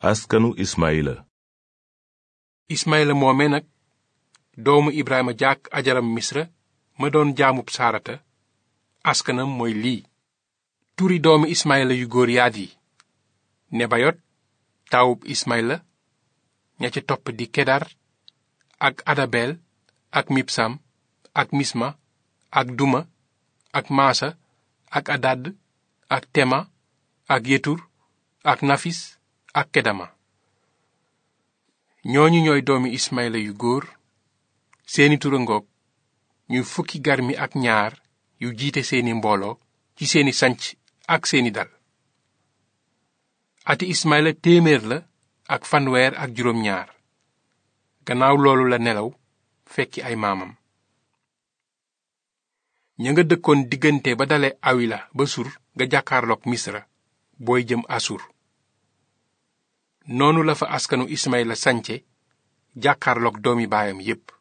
askanu ismaila ismaila moome nag doomu ibrahima jàkk ajaram misra ma doon jaamub saarata askanam mooy lii turi doomu ismaila yu góor yaad yi nebayot taawub ismaila ña ca topp di kedar ak adabel ak mipsam ak misma ak duma ak maasa ak adad ak tema ak yetur ak nafis ak kedama ñooñu ñooy doomi ismaila yu góor seeni turangoog ñuy fukki garmi ak ñaar yu jiite seeni mbooloo ci seeni sanc ak seeni dal ati ismaila téeméer la ak fanweer ak juróom ñaar gannaaw loolu la nelaw fekki ay maamam ña nga dëkkoon diggante ba dale awila ba sur nga jàkkaarloog misra booy jëm asur noonu la fa askanu Ismayla sance jàkkaarloog doomi baayam yépp